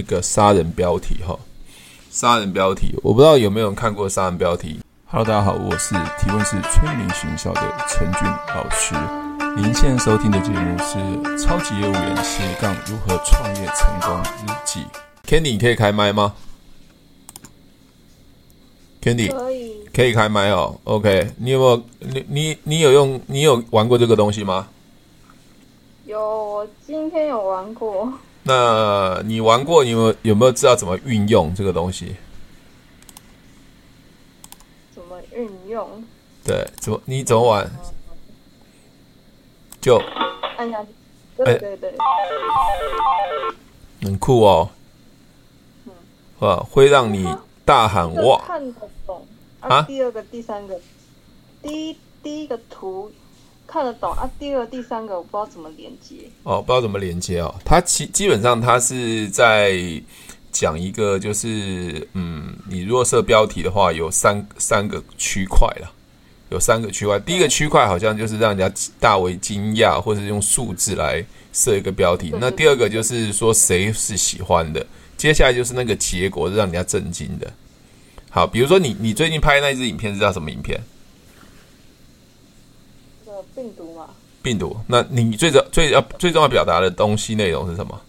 那、這個殺人標題哈、哦，殺人標題，我不知道有沒有人看過殺人標題。Hello，大家好，我是提問是村民學校的陳俊老師。您現在收聽的節目是《超級業務員斜槓如何創業成功日記》。Candy 可以開麥嗎？Candy 可以可以開麥哦。OK，你有沒有你你你有用你有玩過這個東西嗎？有，我今天有玩過。那你玩過，你有沒有，有沒有知道怎麼運用這個東西？怎麼運用？對，怎麼你怎麼玩？就按下去，哎對對，對、欸，很酷哦，哇、嗯啊，會讓你大喊、這個、哇！看得懂啊？第二個、第三個，第一第一個圖。看得懂啊？第二、第三個我不知道怎麼連接哦，不知道怎麼連接哦。它其基本上，它是在講一個，就是嗯，你如果設標題的話，有三三個區塊啦，有三個區塊。第一個區塊好像就是讓人家大為驚訝，或是用數字來設一個標題。那第二個就是說誰是喜歡的，接下來就是那個結果是讓人家震驚的。好，比如說你你最近拍的那支影片是叫什麼影片？病毒嘛，病毒。那你最重、最要、啊、最重要表達的東西內容是什麼？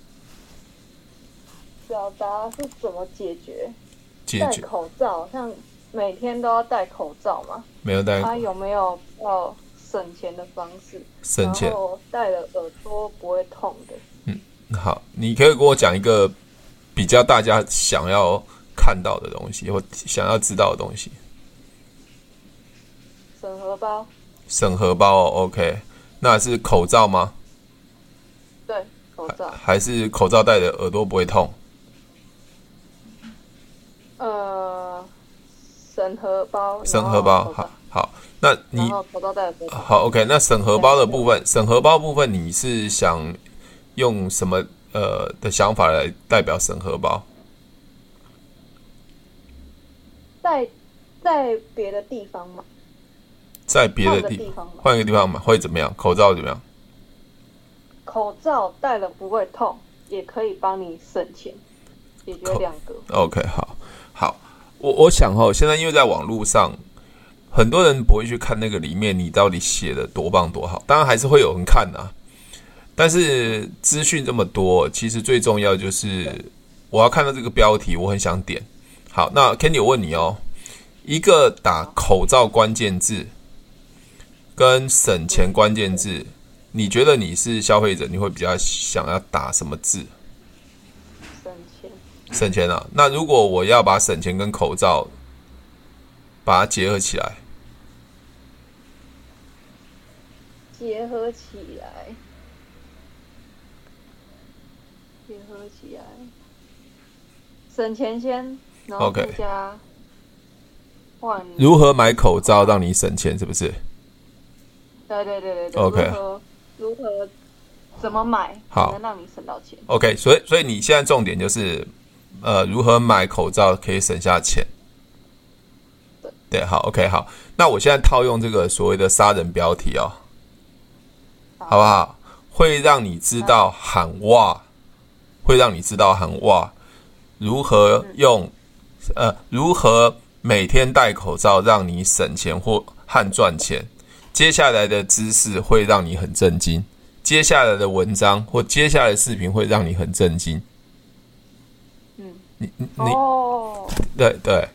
表達是怎麼解決、解決？戴口罩，像每天都要戴口罩嗎？沒有戴。他、啊、有沒有要、哦、省錢的方式？省錢。我戴了耳朵不會痛的。嗯，好，你可以給我講一個比較大家想要看到的東西，或想要知道的東西。省荷包。省荷包哦，OK，哦那是口罩嗎？對，口罩還是口罩戴的耳朵不會痛。呃，省荷包，省荷包，好好，那你口罩戴的部分，好 OK，那省荷包的部分，省荷包部分，你是想用什麼呃的想法來代表省荷包？在在別的地方嗎？在別的地方換一個地方嘛，會怎麼樣？口罩怎麼樣？口罩戴了不會痛，也可以幫你省錢，解決兩個。OK，好，好，我我想哦，現在因為在網絡上，很多人不會去看那個裡面你到底寫的多棒多好，當然還是會有人看的、啊。但是資訊這麼多，其實最重要就是我要看到這個標題，我很想點。好，那 Kenny，我問你哦，一個打口罩關鍵字。跟省錢關鍵字，你覺得你是消費者，你會比較想要打什麼字？省錢。省錢啊！那如果我要把省錢跟口罩把它結合起來，結合起來，結合起來，省錢先，OK，如何買口罩讓你省錢？是不是？對對對對對。OK，如、如何如何怎麼買，好能讓你省到錢。OK，所以所以你現在重點就是，呃，如何買口罩可以省下錢。對對，好 OK 好，那我現在套用這個所謂的殺人標題哦、啊，好不好？會讓你知道喊哇，會讓你知道喊哇，如何用、嗯、呃如何每天戴口罩讓你省錢或和賺錢。接下來的知識會讓你很震驚，接下來的文章或接下來的視頻會讓你很震驚。嗯，你你哦，對對，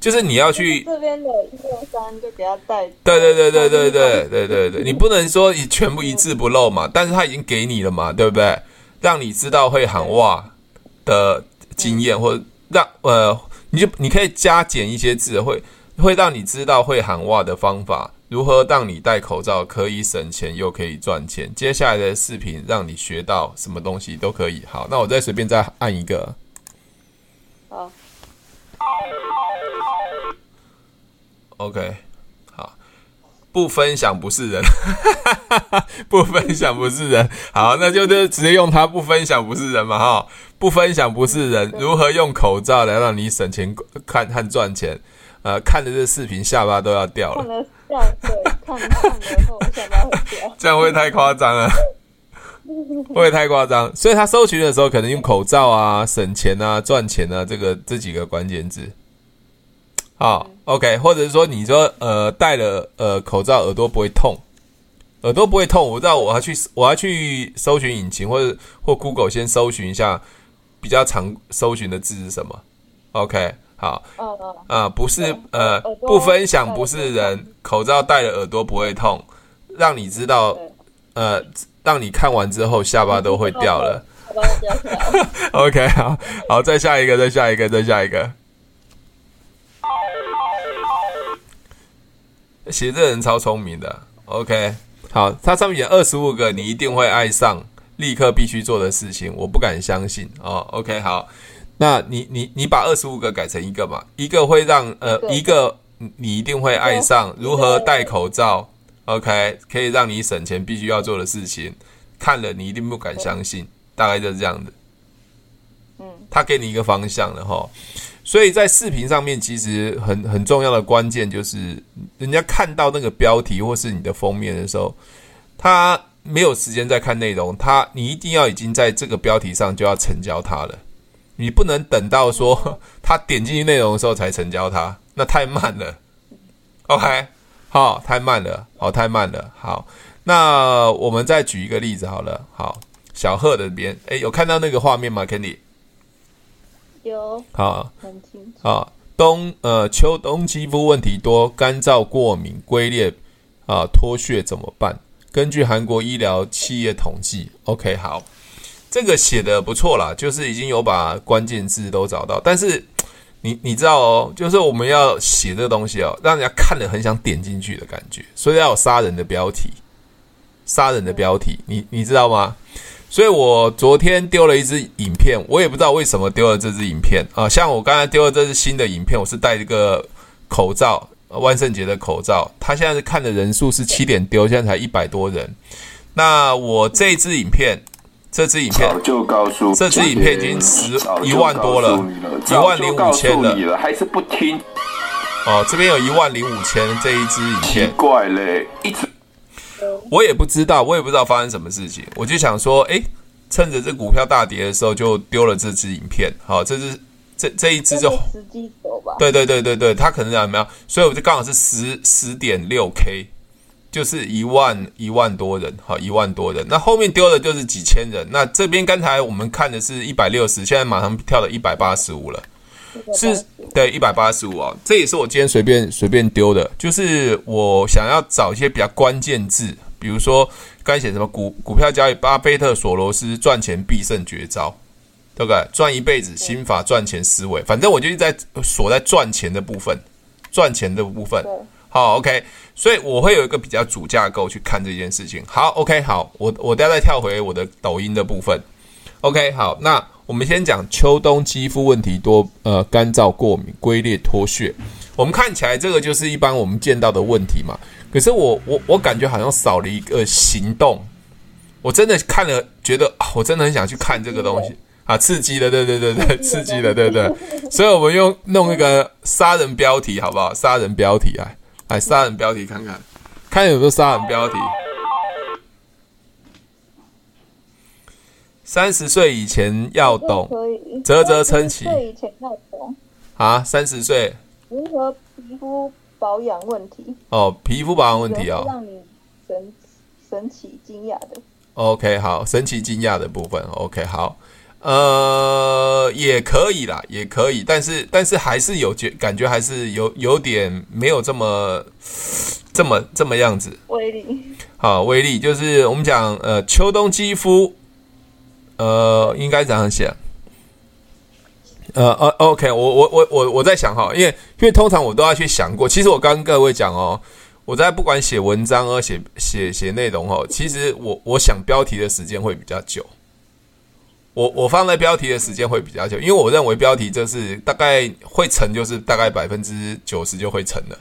就是你要去這邊的一二三就帶。對對對對對對對對對，你不能說你全部一字不漏嘛，嗯，但是他已經給你了嘛，對不對？讓你知道會喊哇的經驗，嗯，或讓呃，你就你可以加減一些字，會會讓你知道會喊哇的方法。如何讓你戴口罩可以省錢又可以賺錢？接下來的視頻讓你學到什麼東西都可以。好，那我再隨便再按一個。好。OK，好，不分享不是人， 不分享不是人。好，那就就直接用它，不分享不是人嘛！哈，不分享不是人。如何用口罩來讓你省錢看和賺錢？呃，看着這個視頻，下巴都要掉了。這樣對， 這樣會太誇張了，會不會太誇張。 所以他搜尋的時候，可能用口罩啊、省錢啊、賺錢啊，這個這幾個關鍵字。好，oh，OK，或者是說，你說呃，戴了呃口罩，耳朵不會痛，耳朵不會痛。我知道，我要去，我要去搜尋引擎，或者或 Google 先搜尋一下，比較常搜尋的字是什麼？OK。好，uh, 呃，不是，呃，不分享不是人，口罩戴了耳朵不會痛，讓你知道，呃，讓你看完之後下巴都會掉了，o、okay. k、okay, 好，好，再下一個，再下一個，再下一個，寫 這人超聰明的，OK，好，他上面寫二十五個你一定會愛上，立刻必須做的事情，我不敢相信哦。o、okay, k 好。那你你你把二十五個改成一個嘛？一個會讓呃，一個你一定會愛上如何戴口罩。OK，可以讓你省錢必須要做的事情，看了你一定不敢相信。大概就是這樣的。嗯，他給你一個方向了吼。所以在視頻上面，其實很很重要的關鍵就是，人家看到那個標題或是你的封面的時候，他沒有時間再看內容，他你一定要已經在這個標題上就要成交他了。你不能等到說他點進去內容的時候才成交他，那太慢了。OK，好、哦，太慢了，好、哦，太慢了。好，那我們再舉一個例子好了。好，小賀的這邊，哎，有看到那個畫面嗎？肯尼有，好、哦，很清楚。好、哦，冬呃秋冬肌膚問題多，乾燥、過敏、龜裂啊、呃、脫屑怎麼辦？根據韓國醫療企業統計，嗯，OK，好。這個寫的不錯啦，就是已經有把關鍵字都找到。但是你你知道哦，就是我們要寫這個東西哦，讓人家看了很想點進去的感覺，所以要有殺人的標題，殺人的標題，你你知道嗎？所以我昨天丟了一支影片，我也不知道為什麼丟了這支影片啊。像我剛才丟的這支新的影片，我是戴一個口罩，萬聖節的口罩。他現在是看的人數是七點丟，現在才一百多人。那我這支影片。這支影片這支影片已經十一萬多了，一萬零五千了，了，還是不聽。哦，這邊有一萬零五千這一支影片，奇怪嘞一、嗯，我也不知道，我也不知道發生什麼事情，我就想說，誒，趁着這股票大跌的時候就丟了這支影片。好、哦，這支這這一支就時對對對對對，他可能怎麼樣？所以我就剛好是十十點六 K。就是一萬一萬多人，好一萬多人。那後面丟的就是幾千人。那這邊剛才我們看的是一百六十，現在馬上跳到一百八十五了，是對一百八十五啊。這也是我今天隨便隨便丟的，就是我想要找一些比較關鍵字，比如說該寫什麼股股票交易、巴菲特、索羅斯賺錢必勝絕招，對不對？賺一輩子心法、賺錢思維，反正我就是在鎖在賺錢的部分，賺錢的部分。好，OK，所以我會有一個比較主架構去看這件事情。好，OK，好，我我都要再跳回我的抖音的部分。OK，好，那我們先講秋冬肌膚問題多，呃，乾燥、過敏、龜裂、脫屑。我們看起來這個就是一般我們見到的問題嘛。可是我我我感覺好像少了一個行動。我真的看了，覺得，啊，我真的很想去看這個東西啊，刺激的，對對對對，刺激的，對對。所以我們用弄一個殺人標題好不好？殺人標題啊！來殺人標題看看，看有沒有殺人標題。三十歲以前要懂，可以。嘖嘖稱奇。三十歲以前要懂。啊，三十歲。如何皮膚保養問題？哦，皮膚保養問題哦，讓你神神奇驚訝的。OK，好，神奇驚訝的部分。OK，好。呃，也可以啦，也可以，但是但是還是有覺感覺，還是有有點沒有這麼這麼這麼樣子。威力。好，威力就是我們講呃秋冬肌膚，呃應該怎樣寫？呃呃 OK，我我我我我在想哈，因為因為通常我都要去想過，其實我剛跟各位講哦，我在不管寫文章啊寫寫寫內容哦，其實我我想標題的時間會比較久。我我放在標題的時間會比較久，因為我認為標題就是大概會成，就是大概百分之九十就會成了，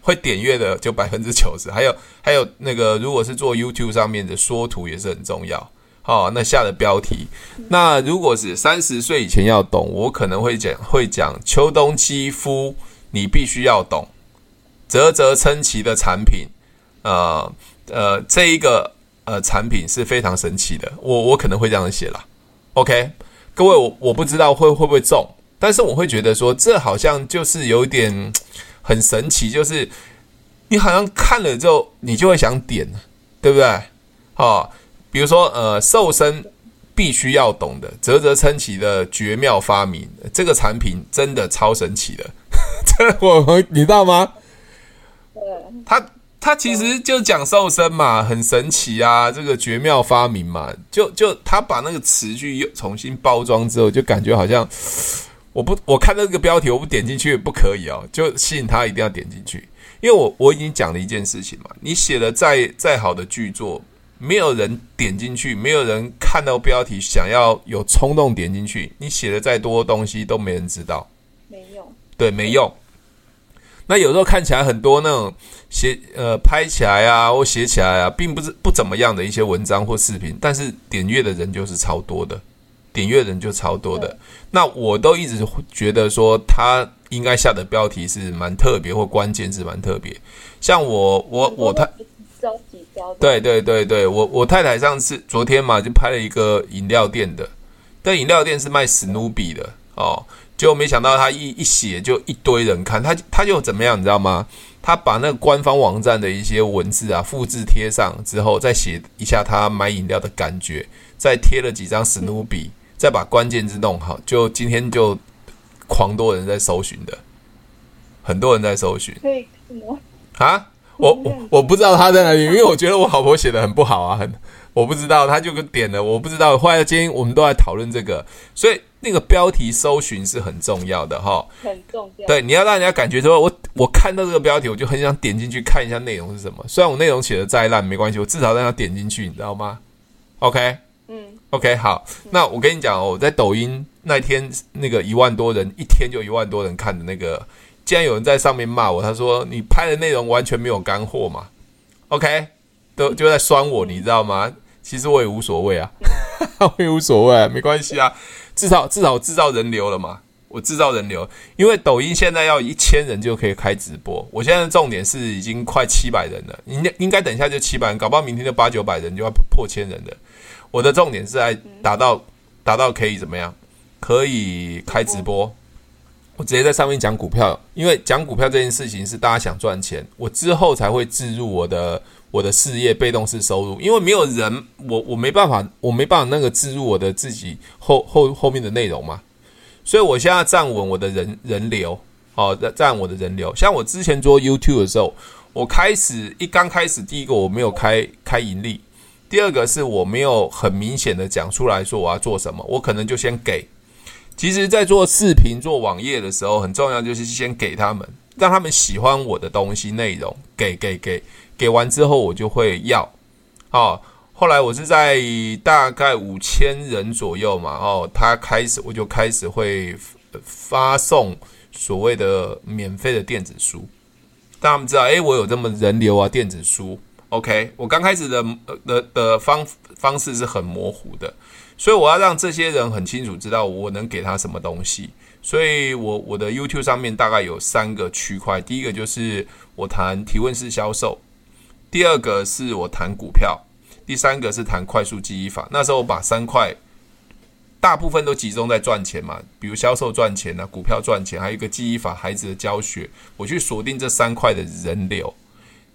會點閱的就百分之九十。還有還有那個，如果是做 YouTube 上面的縮圖也是很重要。哦，那下的標題，那如果是三十歲以前要懂，我可能會講會講秋冬肌膚你必須要懂，嘖嘖稱奇的產品，呃呃，這一個呃產品是非常神奇的，我我可能會這樣寫啦。OK，各位，我我不知道會會不會中，但是我會覺得說，這好像就是有點很神奇，就是你好像看了之後，你就會想點，對不對？啊、哦，比如說呃，瘦身必須要懂的、嘖嘖稱奇的絕妙發明，這個產品真的超神奇的，這我們你知道嗎？嗯，他他其實就講瘦身嘛，很神奇啊，這個絕妙發明嘛，就就他把那個詞句又重新包裝之後，就感覺好像我不我看到這個標題，我不點進去也不可以哦，就吸引他一定要點進去，因為我我已經講了一件事情嘛，你寫的再再好的劇作，沒有人點進去，沒有人看到標題想要有衝動點進去，你寫的再多東西都沒人知道，沒用，對，沒用。那有時候看起來很多那種。寫呃拍起來啊，或寫起來啊，並不是不怎麼樣的一些文章或視頻，但是點閱的人就是超多的，點閱人就超多的。那我都一直覺得說，他應該下的標題是蠻特別，或關鍵字蠻特別。像我我我太對對對對，我我太太上次昨天嘛，就拍了一個飲料店的，但飲料店是賣史努比的哦。就沒想到他一一寫就一堆人看他，他就怎麼樣，你知道嗎？他把那個官方網站的一些文字啊複製貼上之後，再寫一下他買飲料的感覺，再貼了幾張史努比，再把關鍵字弄好，就今天就狂多人在搜尋的，很多人在搜尋。啊？我我我不知道他在哪裡，因為我覺得我老婆寫的很不好啊，很我不知道他就點了，我不知道。後來今天我們都在討論這個，所以。那個標題搜尋是很重要的哈，很重要。對，你要讓人家感覺說我，我我看到這個標題，我就很想點進去看一下內容是什麼。雖然我內容寫的再爛沒關係，我至少讓他點進去，你知道嗎？OK，嗯，OK，好嗯。那我跟你講哦，我在抖音那天那個一萬多人一天就一萬多人看的那個，竟然有人在上面罵我，他說你拍的內容完全沒有乾貨嘛？OK，都就在酸我、嗯，你知道嗎？其實我也無所謂啊，嗯、 我也無所謂、啊，沒關係啊。至少至少我制造人流了嘛？我制造人流，因為抖音現在要一千人就可以開直播。我現在的重點是已經快七百人了，應該應該等一下就七百人，搞不好明天就八九百人就要破千人了。我的重點是來達到達到可以怎麼樣？可以開直播,直播？我直接在上面講股票，因為講股票這件事情是大家想賺錢，我之後才會置入我的。我的事業被動式收入，因為沒有人，我我沒辦法，我沒辦法那個置入我的自己後後後面的內容嘛，所以我現在站穩我的人人流好、啊、站站我的人流。像我之前做 YouTube 的時候，我開始一剛開始第一個我沒有開開盈利，第二個是我沒有很明顯的講出來說我要做什麼，我可能就先給。其實，在做視頻做網頁的時候，很重要就是先給他們，讓他們喜歡我的東西內容，給給給。給完之後我就會要，哦，後來我是在大概五千人左右嘛，哦，他開始我就開始會發送所謂的免費的電子書，讓他們知道，誒，我有這麼人流啊，電子書，OK，我剛開始的的的方方式是很模糊的，所以我要讓這些人很清楚知道我能給他什麼東西，所以我我的 YouTube 上面大概有三個區塊，第一個就是我談提問式銷售。第二個是我談股票，第三個是談快速記憶法。那時候我把三塊大部分都集中在賺錢嘛，比如銷售賺錢啊、股票賺錢，還有一個記憶法孩子的教學，我去鎖定這三塊的人流。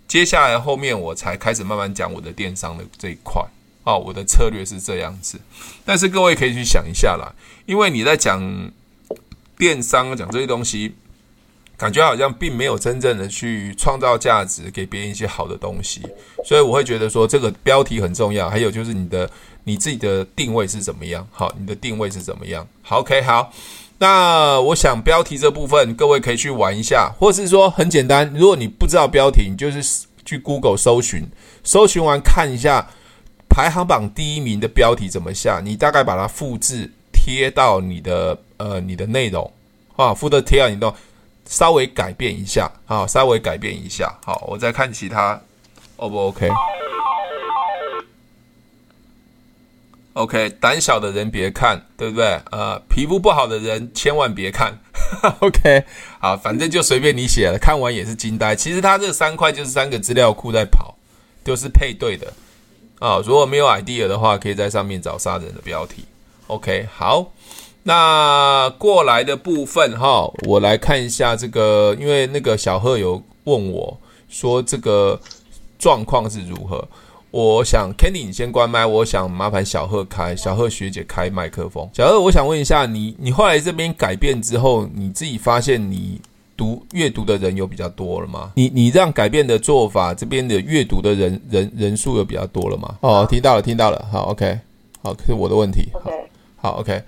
接下來後面我才開始慢慢講我的電商的這一塊。哦，我的策略是這樣子，但是各位可以去想一下啦，因為你在講電商，講這些東西。感覺好像並沒有真正的去創造價值，給別人一些好的東西，所以我會覺得說這個標題很重要。還有就是你的你自己的定位是怎麼樣？好，你的定位是怎麼樣好？OK，好。那我想標題這部分，各位可以去玩一下，或是說很簡單，如果你不知道標題，你就是去 Google 搜尋，搜尋完看一下排行榜第一名的標題怎麼下，你大概把它複制貼到你的呃你的內容啊，複制貼到你的。稍微改變一下啊，稍微改變一下，好，我再看其他，O、oh, 不 OK？OK，、okay. okay, 膽小的人別看，對不對？呃，皮膚不好的人千萬別看 ，OK？好，反正就隨便你寫了，看完也是驚呆。其實它這三塊就是三個資料庫在跑，都、就是配對的啊、哦。如果沒有 idea 的話，可以在上面找殺人的標題。OK，好。那過來的部分哈，我來看一下這個，因為那個小賀有問我說這個狀況是如何。我想，Candy 你先關麥，我想麻煩小賀開，小賀學姐開麥克風。小賀，我想問一下，你你後來這邊改變之後，你自己發現你讀閱讀的人有比較多了嗎？你你這樣改變的做法，這邊的閱讀的人人人數有比較多了嗎？哦，聽到了，聽到了，好，OK，好，這是我的問題，OK。好好，OK。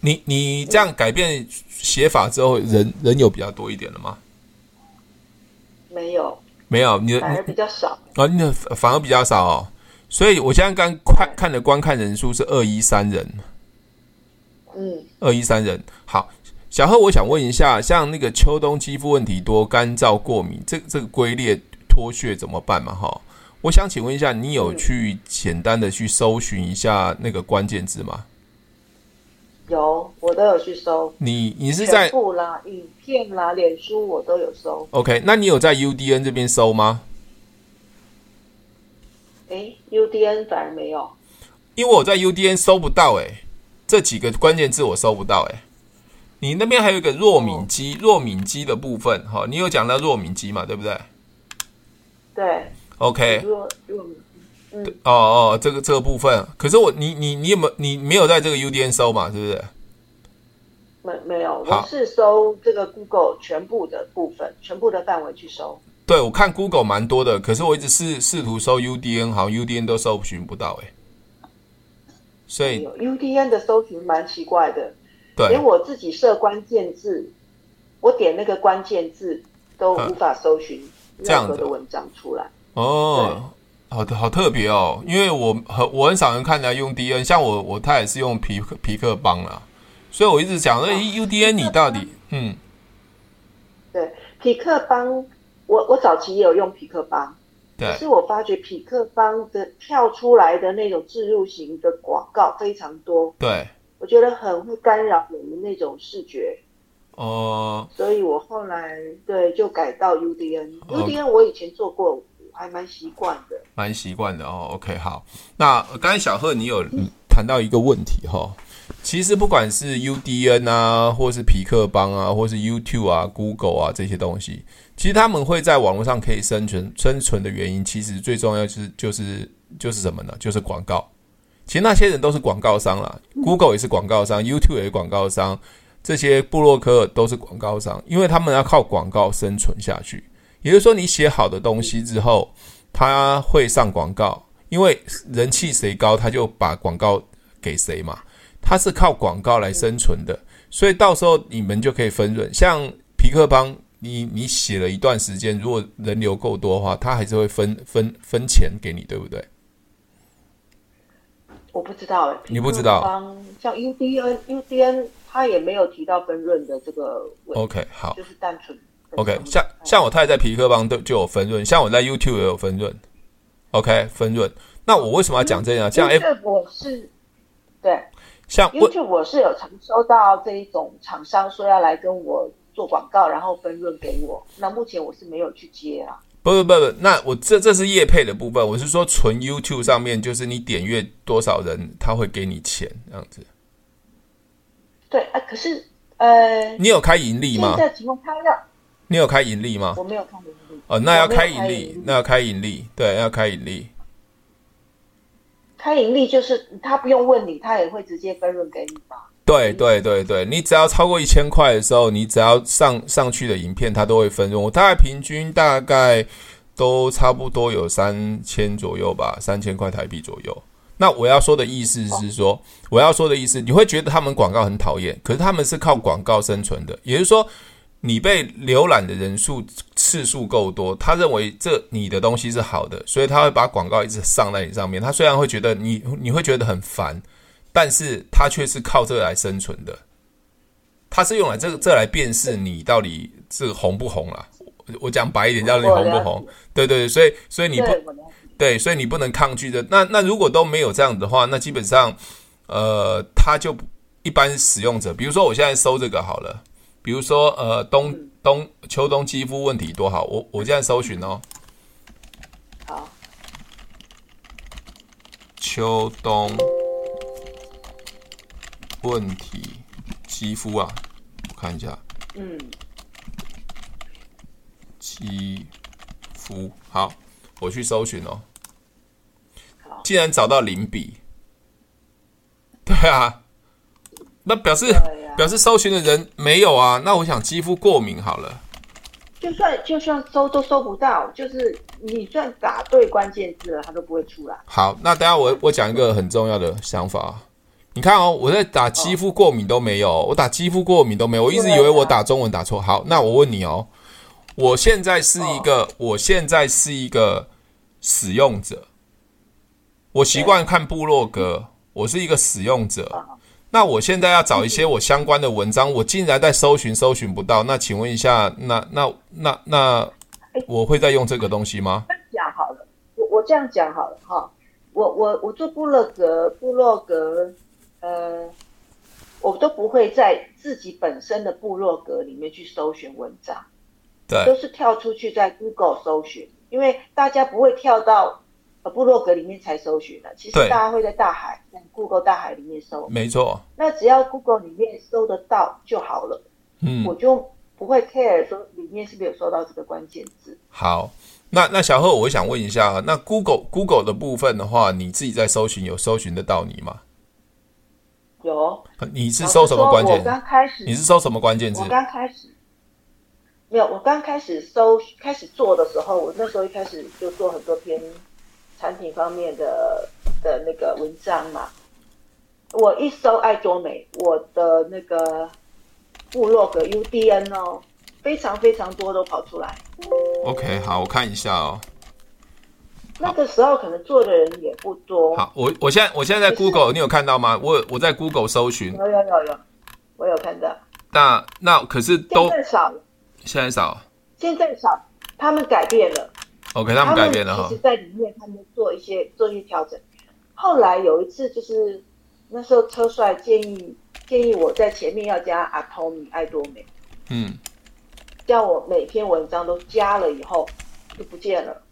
你你這樣改變寫法之後人、嗯，人人有比較多一點了嗎？沒有，沒有，你的反而比較少啊，你的反而比較少哦。所以我現在剛看、嗯、看的觀看人數是二一三人，嗯，二一三人。好，小賀，我想問一下，像那個秋冬肌膚問題多，乾燥、過敏，這個、這個龜裂、脫屑怎麼辦嘛？哈，我想請問一下，你有去簡單的去搜尋一下那個關鍵字嗎？嗯有，我都有去搜。你你是在全部啦、影片啦、臉書，我都有搜。OK，那你有在 UDN 這邊搜嗎？哎，UDN 反而沒有，因為我在 UDN 搜不到哎、欸，這幾個關鍵字我搜不到哎、欸。你那邊還有一個弱敏肌、嗯，弱敏肌的部分哈，你有講到弱敏肌嘛，對不對？對。OK。嗯、哦哦，這個這個部分，可是我你你你有沒有你沒有在這個 UDN 搜嘛？是不是？沒沒有，我是搜這個 Google 全部的部分，全部的範圍去搜。對，我看 Google 蠻多的，可是我一直試試圖搜 UDN，好像 UDN 都搜尋不到哎、欸。所以有 UDN 的搜尋蠻奇怪的，連我自己設關鍵字，我點那個關鍵字都無法搜尋任、嗯、何、那個、的文章出來哦。好好特別哦，因為我很我很少人看他用 D N，像我我他也是用痞客痞客邦啦、啊，所以我一直想，誒、哦哎、U D N 你到底嗯？對，痞客邦，我我早期也有用痞客邦，對，可是我發覺痞客邦的跳出來的那種置入型的廣告非常多，對，我覺得很會干擾你們那種視覺，哦、呃，所以我後來對就改到 U D N，U D N、呃、我以前做過。還蠻習慣的，蠻習慣的哦。OK，好，那剛才小賀你有談、嗯、到一個問題哈，其實不管是 UDN 啊，或是痞客邦啊，或是 YouTube 啊、Google 啊這些東西，其實他們會在網絡上可以生存，生存的原因其實最重要是就是、就是、就是什麼呢？嗯、就是廣告。其實那些人都是廣告商啦、嗯、，Google 也是廣告商、嗯、，YouTube 也是廣告商，這些部落客都是廣告商，因為他們要靠廣告生存下去。也就是說，你寫好的東西之後，他會上廣告，因為人氣誰高，他就把廣告給誰嘛。他是靠廣告來生存的，所以到時候你們就可以分潤。像痞客邦，你你寫了一段時間，如果人流夠多的話，他還是會分分分錢給你，對不對？我不知道，你不知道。像 UDN，UDN 他也沒有提到分潤的這個問題。OK，好，就是單純。OK，嗯，像像我太太在皮克幫都就有分潤，像我在 YouTube 也有分潤。OK，分潤。那我為什麼要講這個？像因為這我是對，像 YouTube 我是有常收到這一種廠商說要來跟我做廣告，然後分潤給我。那目前我是沒有去接啊。不不不不，那我這這是業配的部分。我是說純 YouTube 上面，就是你點閱多少人，他會給你錢這樣子。對啊，可是呃，你有開盈利嗎？在提供你有開盈利嗎？我沒有開盈利。哦，那要開盈、開盈利，那要開盈利，對，那要開盈利。開盈利就是他不用問你，他也會直接分潤給你吧？對對對對、對，你只要超過一千塊的時候，你只要上上去的影片，他都會分潤。我大概平均大概都差不多有三千左右吧，三千塊台幣左右。那我要說的意思是說，哦、我要說的意思，你會覺得他們廣告很討厭，可是他們是靠廣告生存的，也就是說。你被瀏覽的人數次數夠多，他認為這你的東西是好的，所以他會把廣告一直上在你上面。他雖然會覺得你你會覺得很煩，但是他卻是靠這個來生存的。他是用來這這來辨識你到底是紅不紅啦、啊，我講白一點，叫你紅不紅？對對對，所以所以你不，對，所以你不能抗拒的。那那如果都沒有這樣的話，那基本上，呃，他就一般使用者。比如說，我現在搜這個好了。比如說，呃，冬冬秋冬肌膚問題多好，我我現在搜尋哦。好，秋冬問題肌膚啊，我看一下。嗯。肌膚好，我去搜尋哦。竟然找到零筆，對啊，那表示。表示搜尋的人沒有啊？那我想肌膚過敏好了。就算就算搜都搜不到，就是你算打對關鍵字了，它都不會出來。好，那等下我我講一個很重要的想法。嗯、你看哦，我在打肌膚過敏都沒有，哦、我打肌膚過敏都沒有，我一直以為我打中文打錯。好，那我問你哦，我現在是一個、哦、我現在是一個使用者，我習慣看部落格、嗯，我是一個使用者。嗯那我現在要找一些我相關的文章，我竟然在搜尋搜尋不到，那請問一下，那那那那，那那那我會再用這個東西嗎？講好了，我我這樣講好了哈，我我我做部落格，部落格，呃，我都不會在自己本身的部落格裡面去搜尋文章，對，都是跳出去在 Google 搜尋，因為大家不會跳到。呃，部落格裡面才搜尋的。啊，其實大家會在大海，在 Google 大海裡面搜，沒錯。那只要 Google 裡面搜得到就好了，嗯，我就不會 care 說裡面是不是有搜到這個關鍵字。好，那那小賀，我想問一下，那 Google Google 的部分的話，你自己在搜尋有搜尋得到你嗎？有。你是搜什麼關鍵字？我剛開始。你是搜什麼關鍵字？我剛開始。沒有，我剛開始搜開始做的時候，我那時候一開始就做很多篇。產品方面的的那個文章嘛，我一搜愛多美，我的那個部落格 UDN 哦，非常非常多都跑出來。OK，好，我看一下哦。那個時候可能做的人也不多。好，好，我我現在我現在在 Google，你有看到嗎？我我在 Google 搜尋，有有有有，我有看到。那那可是都現在少，現在少，現在少，他們改變了。OK，他們改變了哈。其實在裡面，他們做一些做一些調整。後來有一次，就是那時候車帥建議建議我在前面要加 Atomy 艾多美，嗯，叫我每篇文章都加了以後就不見了。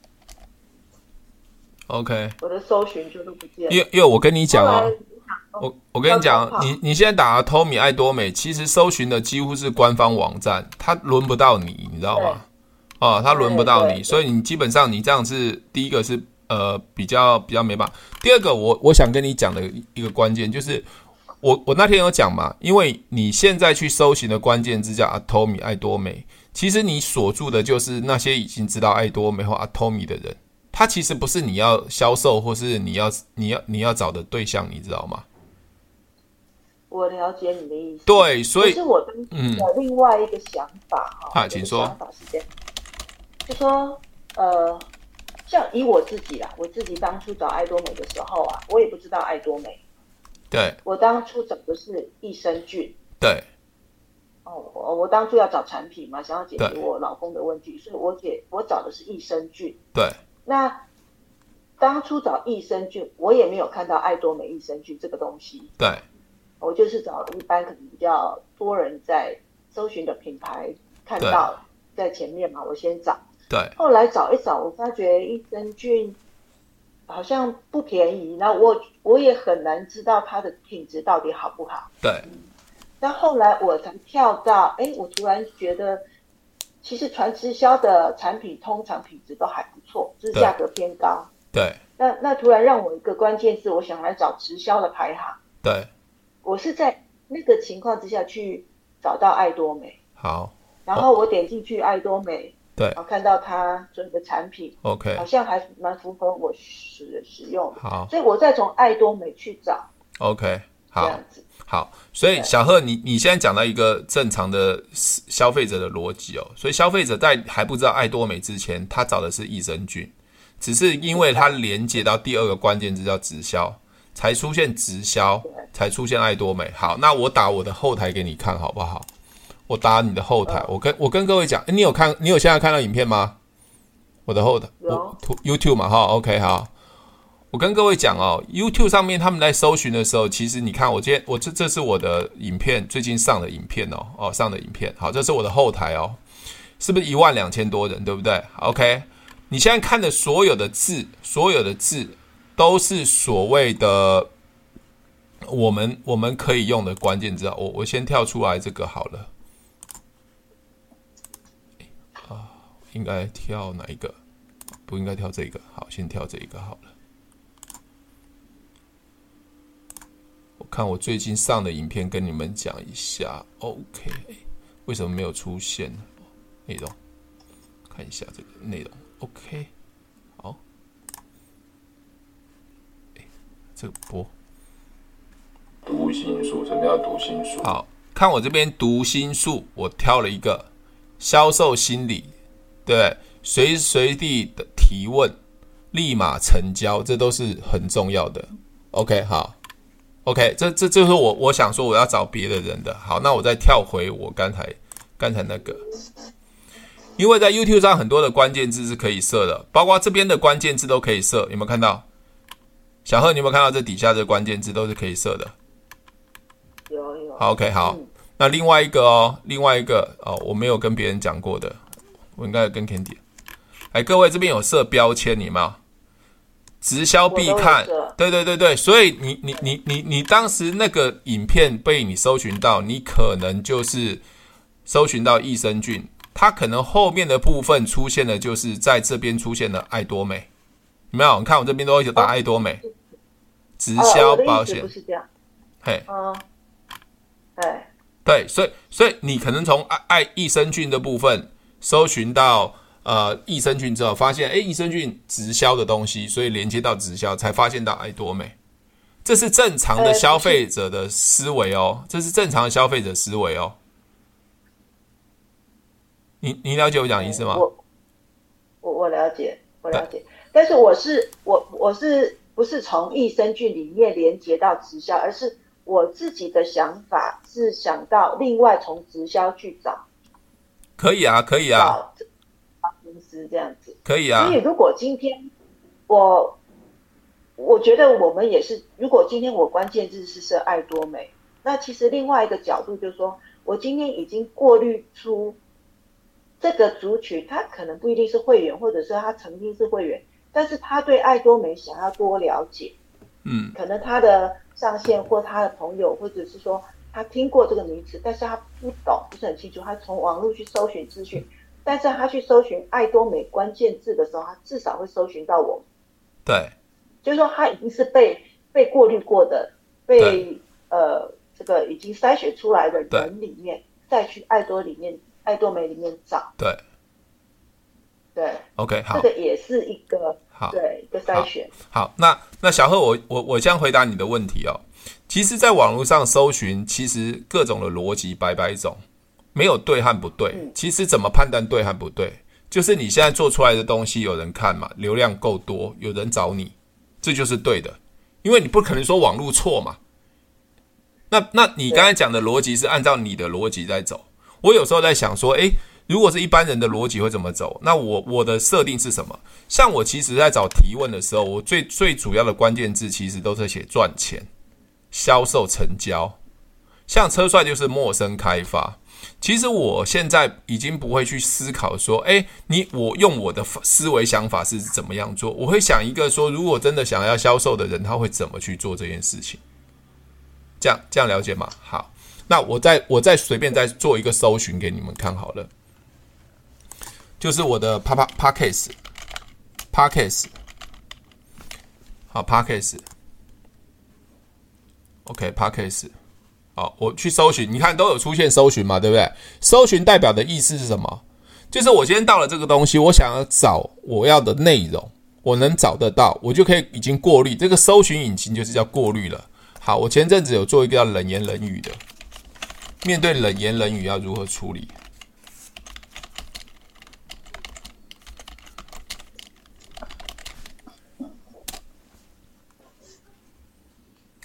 OK，我的搜尋就都不見了。因為因為我跟你講哦、啊啊，我我跟你講、啊啊，你你現在打 Atomy 艾多美，其實搜尋的幾乎是官方網站，它輪不到你，你知道嗎？哦，他輪不到你，所以你基本上你這樣子是第一個是呃比較比較沒辦法。第二個，我我想跟你講的一個關鍵就是，我我那天有講嘛，因為你現在去搜尋的關鍵字叫阿托米愛多美，其實你鎖住的就是那些已經知道愛多美或阿托米的人，他其實不是你要銷售或是你要你要你要找的對象，你知道嗎？我了解你的意思。對，所以是我跟嗯有另外一個想法哈、嗯。啊，請說。就說，呃，像以我自己啦，我自己當初找艾多美的時候啊，我也不知道艾多美。對。我當初找的是益生菌。對。哦，我當初要找產品嘛，想要解決我老公的問題，所以我解我找的是益生菌。對。那當初找益生菌，我也沒有看到艾多美益生菌這個東西。對。我就是找一般可能比較多人在搜尋的品牌，看到在前面嘛，我先找。對，後來找一找，我發覺益生菌好像不便宜，那我我也很難知道它的品質到底好不好？對。嗯、但後來我才跳到，哎，我突然覺得，其實傳直銷的產品通常品質都還不錯，就是價格偏高。對。那那突然讓我一個關鍵是我想來找直銷的排行。對。我是在那個情況之下去找到艾多美。好。然後我點進去艾多美。哦對，看到它這個產品，OK，好像還蠻符合我使使用的。好，所以我再從愛多美去找。OK，好，這樣子，好，所以小賀，你你現在講到一個正常的消費者的邏輯哦，所以消費者在還不知道愛多美之前，他找的是益生菌，只是因為它連接到第二個關鍵字叫直銷，才出現直銷，才出現愛多美。好，那我打我的後台給你看好不好？我打你的後台，我跟我跟各位講誒，你有看，你有現在看到影片嗎？我的後台我 YouTube 嘛，哈、哦，OK 好，我跟各位講哦，YouTube 上面他們在搜尋的時候，其實你看，我今天我這這是我的影片，最近上的影片哦，哦上的影片，好，這是我的後台哦，是不是一萬兩千多人，對不對？OK，你現在看的所有的字，所有的字都是所謂的我們我們可以用的關鍵字啊，我我先跳出來這個好了。應該挑哪一個？不應該挑這個。好，先挑這一個好了。我看我最近上的影片，跟你們講一下。OK，為什麼沒有出現、哦、內容？看一下這個內容。OK，好。哎，這個播讀心術，什麼叫讀心術？好，看我這邊讀心術，我挑了一個銷售心理。對，隨時隨地的提問，立馬成交，這都是很重要的。OK，好，OK，這這就是我我想說我要找別的人的。好，那我再跳回我剛才剛才那個，因為在 YouTube 上很多的關鍵字是可以設的，包括這邊的關鍵字都可以設。有沒有看到？小賀，你有沒有看到這底下這關鍵字都是可以設的？有有。OK，好，嗯，那另外一個哦，另外一個哦，我沒有跟別人講過的。我應該有跟 Kandy。哎，各位這邊有設標籤，你們有？直銷必看。對對對對，所以你你你你你，你當時那個影片被你搜尋到，你可能就是搜尋到益生菌，它可能後面的部分出現的就是在這邊出現了愛多美。有沒有？你看我這邊都一直打愛多美。哦、直銷保險、哦哦、嘿。對、哦哎。對，所以所以你可能從愛愛益生菌的部分，搜尋到呃益生菌之後，發現哎益生菌直銷的東西，所以連接到直銷，才發現到愛多美，這是正常的消費者的思維哦，呃、這是正常的消費者思維哦。你你了解我講的意思嗎？嗯、我我，我了解，我了解，啊、但是我是我我是不是從益生菌裡面連接到直銷，而是我自己的想法是想到另外從直銷去找。可以啊，可以啊。公司、啊、這樣子。可以啊。所以，如果今天我，我覺得我們也是，如果今天我關鍵字是設愛多美，那其實另外一個角度就是說，我今天已經過濾出這個族群，他可能不一定是會員，或者是他曾經是會員，但是他對愛多美想要多了解。嗯。可能他的上線或他的朋友，或者是說。他聽過這個名字，但是他不懂，不是很清楚。他從網絡去搜尋資訊，但是他去搜尋愛多美關鍵字的時候，他至少會搜尋到我。對，就是說他已經是被被過濾過的，被呃這個已經篩選出來的人裡面，再去愛多裡面愛多美裡面找。對，對，OK，好，這個也是一個。好，好，好，那那小賀，我我我先回答你的問題哦。其實，在網絡上搜尋，其實各種的邏輯百百種，沒有對和不對。嗯。其實怎麼判斷對和不對，就是你現在做出來的東西有人看嘛，流量夠多，有人找你，這就是對的。因為你不可能說網絡錯嘛。那那你剛才講的邏輯是按照你的邏輯在走。我有時候在想說，誒。如果是一般人的邏輯會怎麼走？那我我的設定是什麼？像我其實在找提問的時候，我最最主要的關鍵字其實都是寫賺錢、銷售、成交。像車帥就是陌生開發。其實我現在已經不會去思考說，誒，你我用我的思維想法是怎麼樣做？我會想一個說，如果真的想要銷售的人，他會怎麼去做這件事情？這樣這樣了解嗎？好，那我再我再隨便再做一個搜尋給你們看好了。就是我的 podcast，podcast，好 podcast，OK、okay, podcast，好，我去搜尋，你看都有出現搜尋嘛，對不對？搜尋代表的意思是什麼？就是我今天到了這個東西，我想要找我要的內容，我能找得到，我就可以已經過濾。這個搜尋引擎就是叫過濾了。好，我前陣子有做一個叫冷言冷語的，面對冷言冷語要如何處理？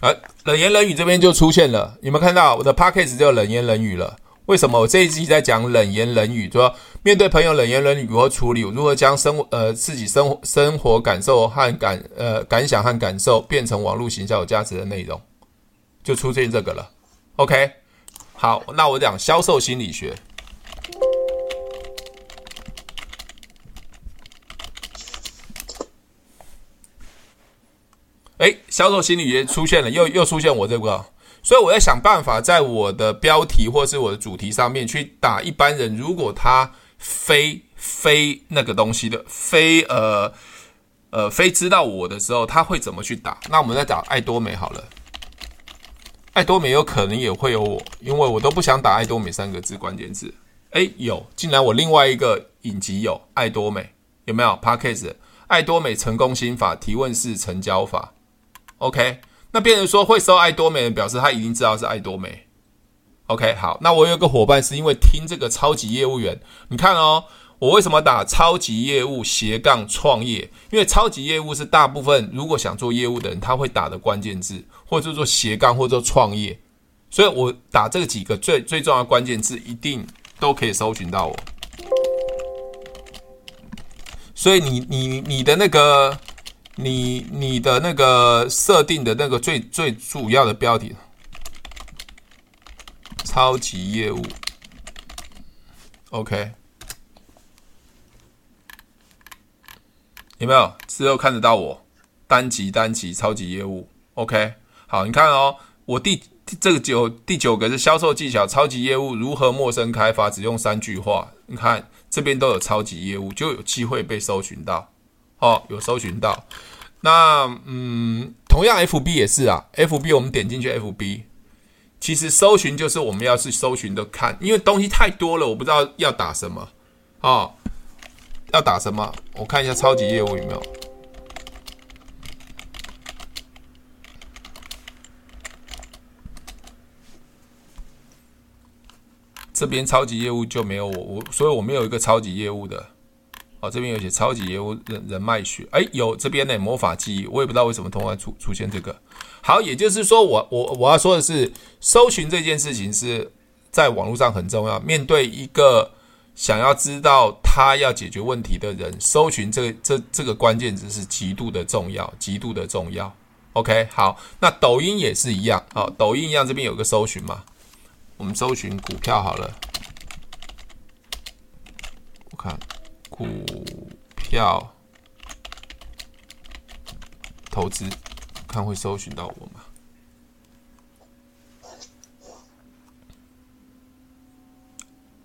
呃、啊，冷言冷語這邊就出現了，你們看到我的 podcast 就有冷言冷語了。為什麼我這一期在講冷言冷語？說面對朋友冷言冷語如何處理？如何將生呃自己生活生活感受和感呃感想和感受變成網絡行銷有價值的內容，就出現這個了。OK，好，那我講銷售心理學。誒，銷售心理也出現了，又又出現我這個，所以我要想辦法在我的標題或者是我的主題上面去打一般人。如果他非非那個東西的，非呃呃非知道我的時候，他會怎麼去打？那我們再打艾多美好了。艾多美有可能也會有我，因為我都不想打艾多美三個字關鍵字，誒，有，竟然我另外一個影集有艾多美，有沒有 package 艾多美成功心法提問式成交法。OK，那別人說會搜愛多美的，表示他已經知道是愛多美。OK，好，那我有個夥伴是因為聽這個超級業務員，你看哦，我為什麼打超級業務斜槓創業？因為超級業務是大部分如果想做業務的人他會打的關鍵字，或者說斜槓或者創業，所以我打這幾個最最重要的關鍵字一定都可以搜尋到我。所以你你你的那個。你你的那個設定的那個最最主要的標題，超級業務，OK，有沒有只有看得到我單級單級超級業務，OK，好，你看哦，我第這個九第九個是銷售技巧，超級業務如何陌生開發，只用三句話，你看這邊都有超級業務，就有機會被搜尋到。哦，有搜尋到，那嗯，同樣 FB 也是啊，FB 我們點進去 FB，其實搜尋就是我們要去搜尋的看，因為東西太多了，我不知道要打什麼啊、哦，要打什麼？我看一下超級業務有沒有，這邊超級業務就沒有我我，所以我沒有一個超級業務的。哦，這邊有寫超級業務人人脈學，哎、欸，有這邊呢，魔法記憶，我也不知道為什麼突然出出現這個。好，也就是說我，我我我要說的是，搜尋這件事情是在網絡上很重要。面對一個想要知道他要解決問題的人，搜尋這個這這個關鍵詞是極度的重要，極度的重要。OK，好，那抖音也是一樣。好、哦，抖音一樣，這邊有個搜尋嘛，我們搜尋股票好了。我看。股票投資，看會搜尋到我嗎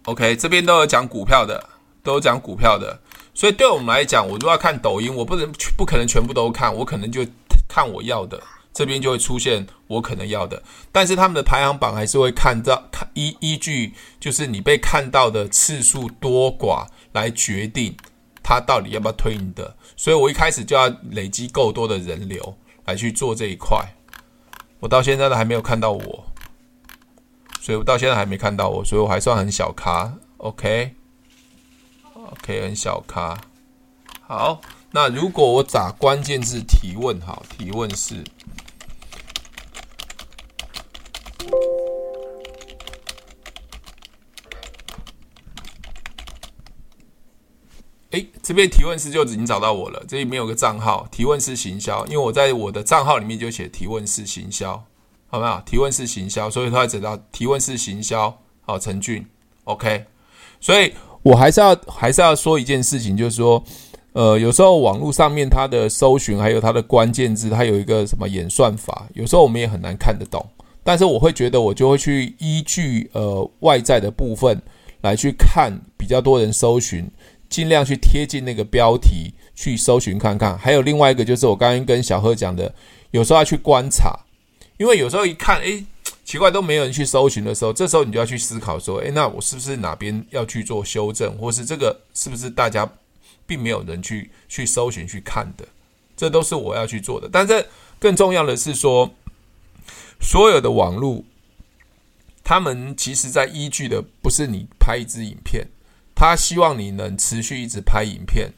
？OK，這邊都有講股票的，都有講股票的，所以對我們來講，我就要看抖音，我不能不可能全部都看，我可能就看我要的。這邊就會出現我可能要的，但是他們的排行榜還是會看到，依依據就是你被看到的次數多寡來決定他到底要不要推你的。所以我一開始就要累積夠多的人流來去做這一塊。我到現在都還沒有看到我，所以我到現在還沒看到我，所以我還算很小咖。OK，OK，OK? OK, 很小咖。好，那如果我打關鍵字提問，好，提問是。這邊提問是就已經找到我了，這裡面有個賬號提問式行銷，因為我在我的賬號裡面就寫提問式行銷，好不好？提問式行銷，所以他知道提問式行銷，好，陳俊，OK。所以，我還是要還是要說一件事情，就是說，呃，有時候網絡上面它的搜尋還有它的關鍵字，它有一個什麼演算法，有時候我們也很難看得懂，但是我會覺得我就會去依據呃，外在的部分來去看比較多人搜尋。盡量去貼近那個標題去搜尋看看，還有另外一個就是我剛剛跟小賀講的，有時候要去觀察，因為有時候一看，誒，奇怪都沒有人去搜尋的時候，這時候你就要去思考說，誒，那我是不是哪邊要去做修正，或是這個是不是大家並沒有人去去搜尋去看的？這都是我要去做的。但是更重要的是說，所有的網絡，他們其實在依據的不是你拍一支影片。他希望你能持續一直拍影片，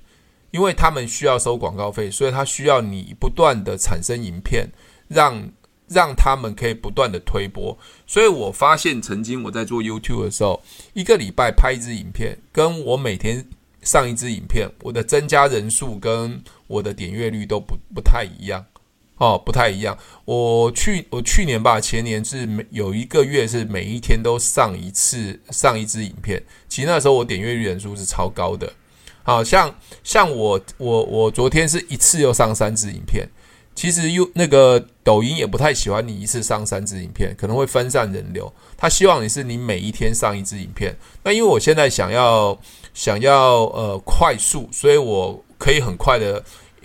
因為他們需要收廣告費，所以他需要你不斷的產生影片，讓讓他們可以不斷的推播。所以我發現，曾經我在做 YouTube 的時候，一個禮拜拍一支影片，跟我每天上一支影片，我的增加人數跟我的點閱率都不不太一樣。哦，不太一樣。我去，我去年吧，前年是每有一個月是每一天都上一次上一支影片。其實那時候我點閱率人數是超高的。好、啊、像像我我我昨天是一次又上三支影片。其實又那個抖音也不太喜歡你一次上三支影片，可能會分散人流。他希望你是你每一天上一支影片。那因為我現在想要想要呃快速，所以我可以很快的。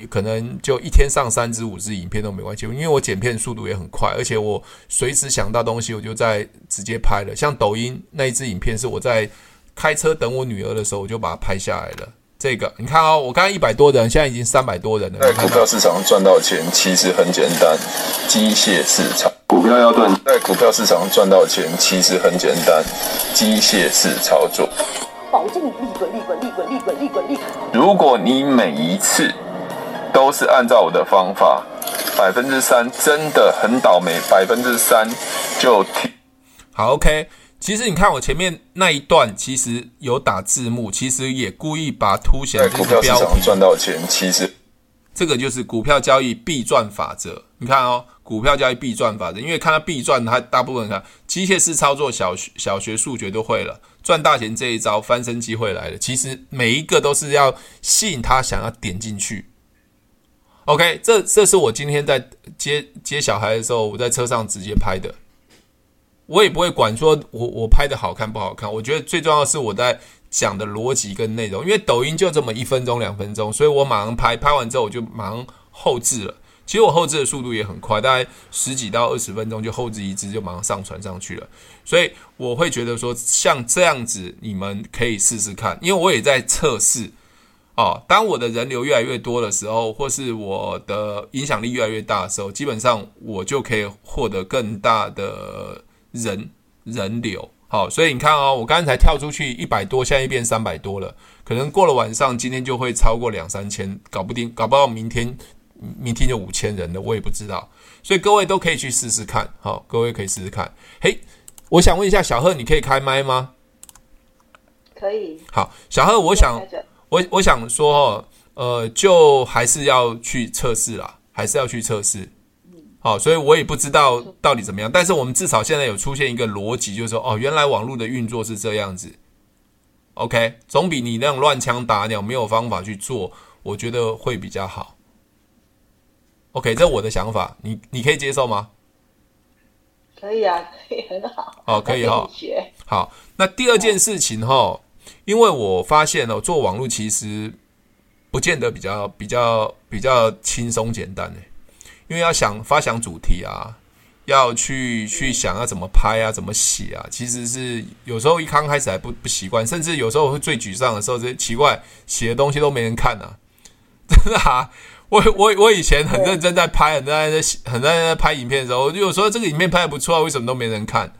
可能就一天上三支五支影片都沒關係，因為我剪片速度也很快，而且我隨時想到東西，我就在直接拍了。像抖音那一支影片是我在開車等我女兒的時候，我就把它拍下來了。這個你看啊、哦，我剛才一百多人，現在已經三百多人了股股。在股票市場賺到錢其實很簡單，機械市場。股票要賺，在股票市場賺到錢其實很簡單，機械式操作。保證利滾利滾利滾利滾利滾利。如果你每一次。都是按照我的方法，百分之三真的很倒霉，百分之三就停。好，OK。其實你看我前面那一段，其實有打字幕，其實也故意把凸顯就是標題。股票賺到錢，其實這個就是股票交易必賺法則。你看哦，股票交易必賺法則，因為看到必賺，它大部分看機械式操作，小學小學數學都會了，賺大錢這一招翻身機會來了。其實每一個都是要吸引他想要點進去。OK，這這是我今天在接接小孩的時候，我在車上直接拍的。我也不會管說我我拍的好看不好看，我覺得最重要的是我在講的邏輯跟內容。因為抖音就這麼一分鐘兩分鐘，所以我馬上拍，拍完之後我就馬上後置了。其實我後置的速度也很快，大概十幾到二十分鐘就後置一支就馬上上傳上去了。所以我會覺得說，像這樣子，你們可以試試看，因為我也在測試。哦，當我的人流越來越多的時候，或是我的影響力越來越大的時候，基本上我就可以獲得更大的人人流。好，哦，所以你看哦，我剛才跳出去一百多，現在變三百多了。可能過了晚上，今天就會超過兩三千，搞不定，搞不好明天，明天就五千人了，我也不知道。所以各位都可以去試試看，好，哦，各位可以試試看。嘿，我想問一下小賀，你可以開麥嗎？可以。好，小賀，我想。我我想說、哦，呃，就還是要去測試啦，還是要去測試。好、哦，所以我也不知道到底怎麼樣。但是我們至少現在有出現一個邏輯，就是說，哦，原來網絡的運作是這樣子。OK，總比你那種亂槍打鳥，沒有方法去做，我覺得會比較好。OK，這是我的想法，你你可以接受嗎？可以啊，可以很好。哦，可以哈、哦。好，那第二件事情哈、哦。嗯因為我發現哦，做網絡其實不見得比較比較比較輕鬆簡單呢。因為要想發想主題啊，要去去想要怎麼拍啊，怎麼寫啊，其實是有時候一剛開始還不不習慣，甚至有時候我會最沮喪的時候，這奇怪寫的東西都沒人看吶、啊，真的啊！我我我以前很認真在拍，很認真在很認真在拍影片的時候，我就有時候，這個影片拍得不錯，為什麼都沒人看？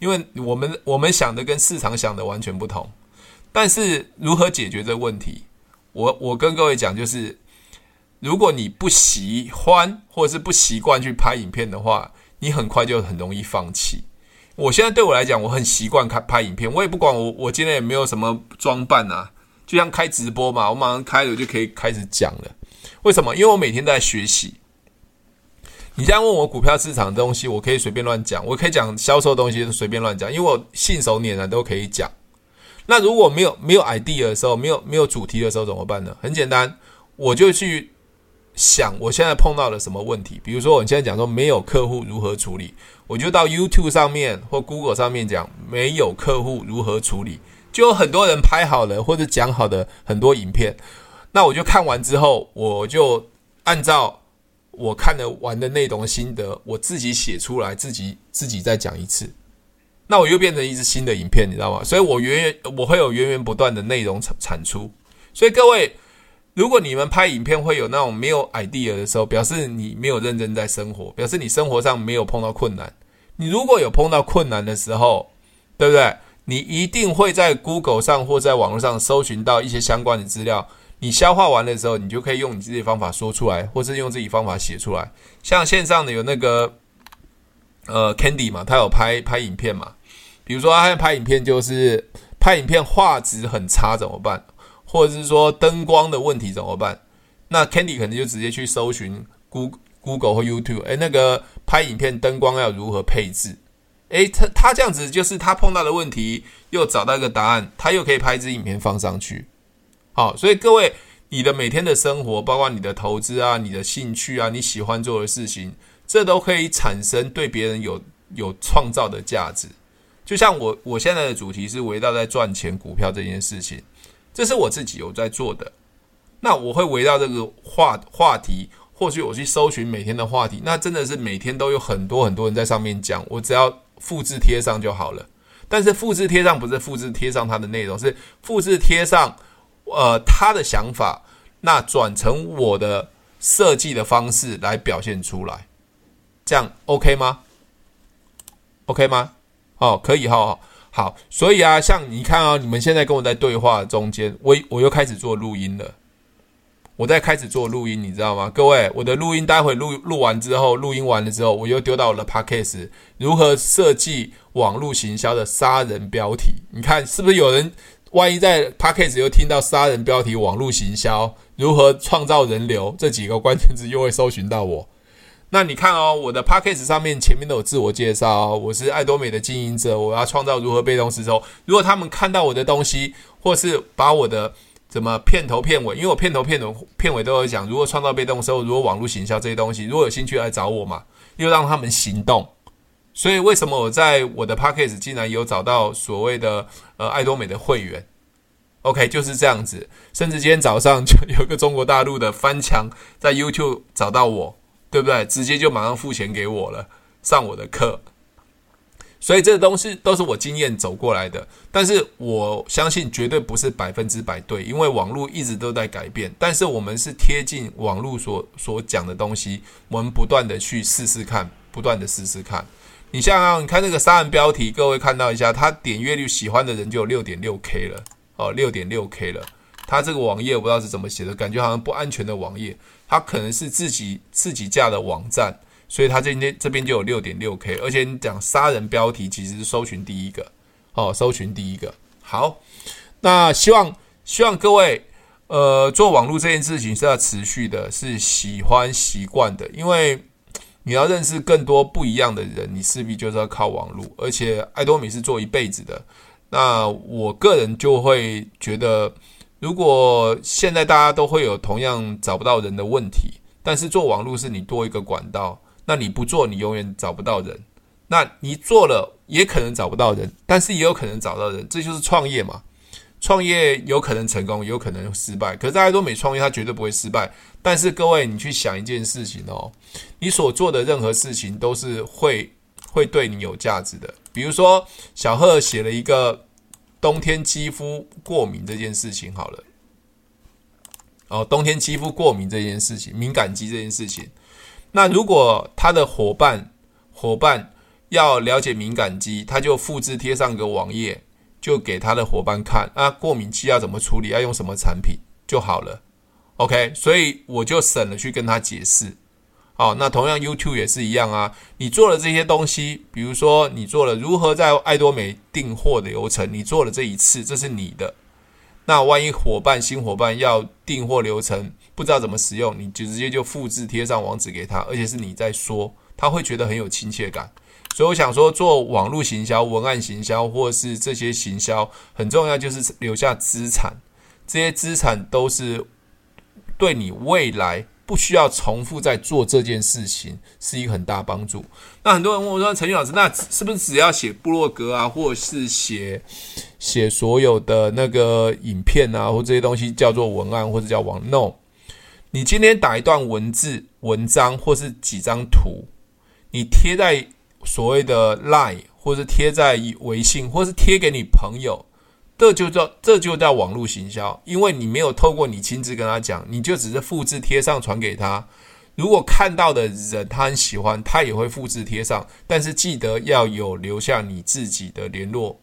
因為我們我們想的跟市場想的完全不同。但是如何解決這個問題？我我跟各位講，就是如果你不喜歡或者是不習慣去拍影片的話，你很快就很容易放棄。我現在對我來講，我很習慣開拍影片，我也不管我我今天也沒有什麼裝扮啊，就像開直播嘛，我馬上開了就可以開始講了。為什麼？因為我每天都在學習。你這樣問我股票市場的東西，我可以隨便亂講，我可以講銷售東西，隨便亂講，因為我信手拈來都可以講。那如果沒有沒有 idea 的時候，沒有沒有主題的時候怎麼辦呢？很簡單，我就去想我現在碰到了什麼問題。比如說我現在講說沒有客戶如何處理，我就到 YouTube 上面或 Google 上面講沒有客戶如何處理，就有很多人拍好了或者講好的很多影片。那我就看完之後，我就按照我看了完的內容心得，我自己寫出來，自己自己再講一次。那我又變成一支新的影片，你知道嗎？所以我，我源源我會有源源不斷的內容產產出。所以，各位，如果你們拍影片會有那種沒有 idea 的時候，表示你沒有認真在生活，表示你生活上沒有碰到困難。你如果有碰到困難的時候，對不對？你一定會在 Google 上或在網絡上搜尋到一些相關的資料，你消化完的時候，你就可以用你自己的方法說出來，或是用自己的方法寫出來。像線上的有那個。呃，Candy 嘛，他有拍拍影片嘛，比如說他要拍影片，就是拍影片畫質很差怎麼辦？或者是說燈光的問題怎麼辦？那 Candy 肯定就直接去搜尋 G Google 或 YouTube，誒，那個拍影片燈光要如何配置？誒，他他這樣子就是他碰到的問題，又找到一個答案，他又可以拍一支影片放上去。好，所以各位，你的每天的生活，包括你的投資啊，你的興趣啊，你喜歡做的事情。這都可以產生對別人有有創造的價值，就像我我現在的主題是圍繞在賺錢股票這件事情，這是我自己有在做的。那我會圍繞這個話話題，或許我去搜尋每天的話題，那真的是每天都有很多很多人在上面講，我只要複製貼上就好了。但是複製貼上不是複製貼上它的內容，是複製貼上，呃，他的想法，那轉成我的設計的方式來表現出來。這樣 OK 嗎？OK 嗎？哦，可以，好好。所以啊，像你看啊，哦，你們現在跟我在對話中間，我我又開始做錄音了。我在開始做錄音，你知道嗎？各位，我的錄音待會錄錄完之後，錄音完了之後，我又丟到我的 p o c c a g t 如何設計網絡行銷的殺人標題？你看是不是有人？萬一在 p o c c a g t 又聽到“殺人標題”、“網絡行銷”、“如何創造人流”這幾個關鍵字又會搜尋到我。那你看哦，我的 Podcast 上面前面都有自我介紹哦，我是愛多美的經營者。我要創造如何被動收入。如果他們看到我的東西，或是把我的怎麼片頭、片尾，因為我片頭、片頭、片尾都有講如何創造被動收入、如何網絡行銷這些東西。如果有興趣來找我嘛，又讓他們行動。所以為什麼我在我的 Podcast 竟然有找到所謂的呃愛多美的會員？OK，就是這樣子。甚至今天早上就有一個中國大陸的翻牆在 YouTube 找到我。對不對？直接就馬上付錢給我了，上我的課。所以這東西都是我經驗走過來的，但是我相信絕對不是百分之百對，因為網絡一直都在改變。但是我們是貼近網絡所所講的東西，我們不斷的去試試看，不斷的試試看。你像、啊、你看那個殺人標題，各位看到一下，他點閱率喜歡的人就有六點六 K 了，哦，六點六 K 了。他這個網頁我不知道是怎麼寫的，感覺好像不安全的網頁。他可能是自己自己架的網站，所以他今天這邊這邊就有六點六 K，而且你講殺人標題其實是搜尋第一個，哦，搜尋第一個。好，那希望希望各位，呃，做網絡這件事情是要持續的，是喜歡習慣的，因為你要認識更多不一樣的人，你勢必就是要靠網絡。而且艾多米是做一輩子的，那我個人就會覺得。如果現在大家都會有同樣找不到人的問題，但是做網絡是你多一個管道，那你不做你永遠找不到人，那你做了也可能找不到人，但是也有可能找到人，這就是創業嘛。創業有可能成功，也有可能失敗。可是大家都沒創業，他絕對不會失敗。但是各位，你去想一件事情哦，你所做的任何事情都是會會對你有價值的。比如說，小賀寫了一個。冬天肌膚過敏這件事情好了，哦，冬天肌膚過敏這件事情，敏感肌這件事情，那如果他的夥伴夥伴要了解敏感肌，他就複製貼上個網頁，就給他的夥伴看，啊，過敏肌要怎麼處理，要用什麼產品就好了。OK，所以我就省了去跟他解釋。哦，那同樣 YouTube 也是一樣啊。你做了這些東西，比如說你做了如何在艾多美訂貨的流程，你做了這一次，這是你的。那萬一夥伴新夥伴要訂貨流程，不知道怎麼使用，你就直接就複製貼上網址給他，而且是你在說，他會覺得很有親切感。所以我想說，做網絡行銷、文案行銷，或者是這些行銷，很重要就是留下資產。這些資產都是對你未來。不需要重複再做這件事情，是一個很大幫助。那很多人問我說：“陳宇老師，那是不是只要寫部落格啊，或是寫寫所有的那個影片啊，或這些東西叫做文案，或者叫網 no。你今天打一段文字、文章或是幾張圖，你貼在所謂的 line，或是貼在微信，或是貼給你朋友。”這就叫這就叫網絡行銷，因為你沒有透過你親自跟他講，你就只是複製貼上傳給他。如果看到的人他很喜歡，他也會複製貼上，但是記得要有留下你自己的聯絡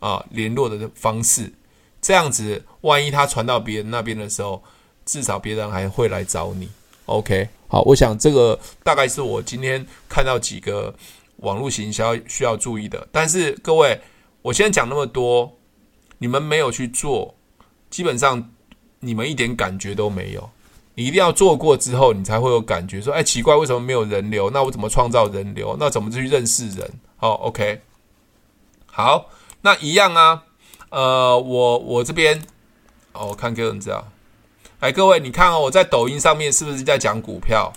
啊聯絡的方式。這樣子，萬一他傳到別人那邊的時候，至少別人還會來找你。OK，好，我想這個大概是我今天看到幾個網絡行銷需要注意的。但是各位，我先講那麼多。你們沒有去做，基本上你們一點感覺都沒有。你一定要做過之後，你才會有感覺說，哎，奇怪，為什麼沒有人流？那我怎麼創造人流？那怎麼去認識人？哦，OK。好，那一樣啊。呃，我我這邊哦，我看個人資料。哎，各位，你看哦，我在抖音上面是不是在講股票？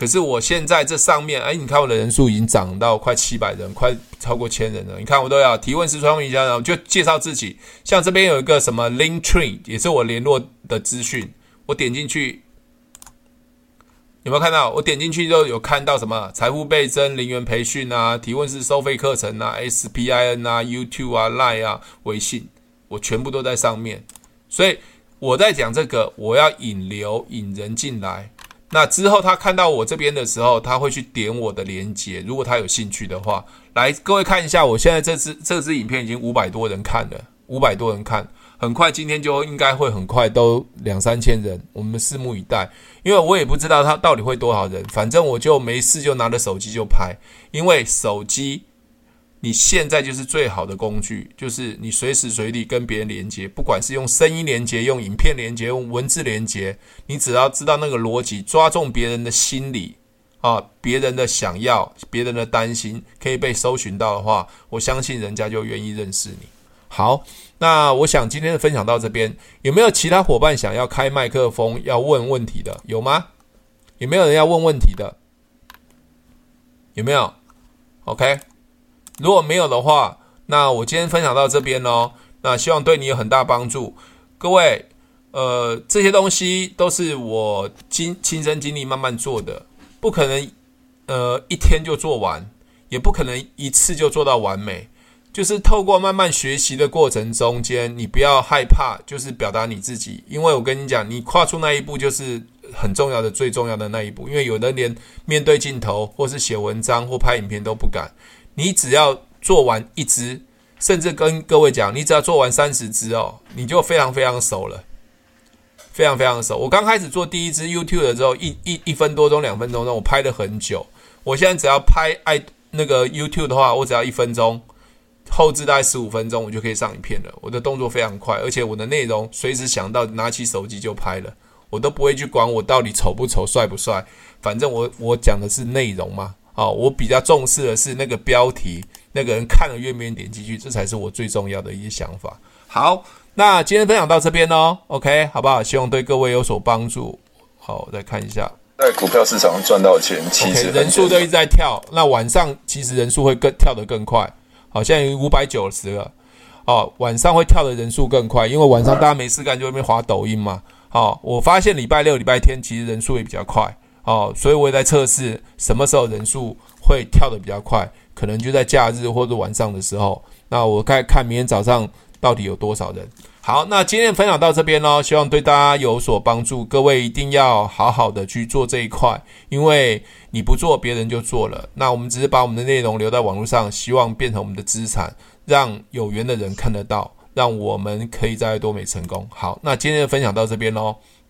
可是我現在這上面，哎，你看我的人數已經漲到快七百人，快超過千人了。你看我都要提問式雙面教，就介紹自己。像這邊有一個什麼 Link train 也是我聯絡的資訊。我點進去有沒有看到？我點進去就有看到什麼財富倍增零元培訓啊，提問式收費課程啊，SPIN 啊，YouTube 啊，Line 啊，微信，我全部都在上面。所以我在講這個，我要引流、引人進來。那之後，他看到我這邊的時候，他會去點我的鏈接，如果他有興趣的話。來，各位看一下，我現在這支這支影片已經五百多人看了，五百多人看，很快今天就應該會很快都兩三千人，我們拭目以待。因為我也不知道他到底會多少人，反正我就沒事就拿着手機就拍，因為手機。你現在就是最好的工具，就是你隨時隨地跟別人連接，不管是用聲音連接、用影片連接、用文字連接，你只要知道那個邏輯，抓中別人的心理啊，別人的想要、別人的擔心，可以被搜尋到的話，我相信人家就願意認識你。好，那我想今天的分享到這邊，有沒有其他夥伴想要開麥克風要問問題的？有嗎？有沒有人要問問題的？有沒有？OK。如果沒有的話，那我今天分享到這邊嘍。那希望對你有很大幫助，各位。呃，這些東西都是我親身經歷慢慢做的，不可能呃一天就做完，也不可能一次就做到完美。就是透過慢慢學習的過程中間，你不要害怕，就是表達你自己。因為我跟你講，你跨出那一步就是很重要的、最重要的那一步。因為有人連面對鏡頭，或是寫文章或拍影片都不敢。你只要做完一支，甚至跟各位講，你只要做完三十支哦，你就非常非常熟了，非常非常熟。我剛開始做第一支 YouTube 的時候，一一一分多鐘、兩分鐘鐘，我拍了很久。我現在只要拍欸那個 YouTube 的話，我只要一分鐘，後置大概十五分鐘，我就可以上影片了。我的動作非常快，而且我的內容隨時想到拿起手機就拍了，我都不會去管我到底醜不醜、帥不帥，反正我我講的是內容嘛。啊、哦，我比較重視的是那個標題，那個人看了願不願意點進去，這才是我最重要的一些想法。好，那今天分享到這邊哦，OK，好不好？希望對各位有所幫助。好，我再看一下，在股票市場賺到錢，其實 OK，人數都一直在跳。那晚上其實人數會更跳得更快。好，現在已經五百九十了。哦，晚上會跳的人數更快，因為晚上大家沒事幹就在那邊滑抖音嘛。好，我發現禮拜六、禮拜天其實人數也比較快。哦，所以我也在測試什麼時候人數會跳得比較快，可能就在假日或者晚上的時候。那我該看明天早上到底有多少人。好，那今天的分享到這邊嘍，希望對大家有所幫助。各位一定要好好的去做這一塊，因為你不做別人就做了。那我們只是把我們的內容留在網絡上，希望變成我們的資產，讓有緣的人看得到，讓我們可以在多美成功。好，那今天的分享到這邊嘍。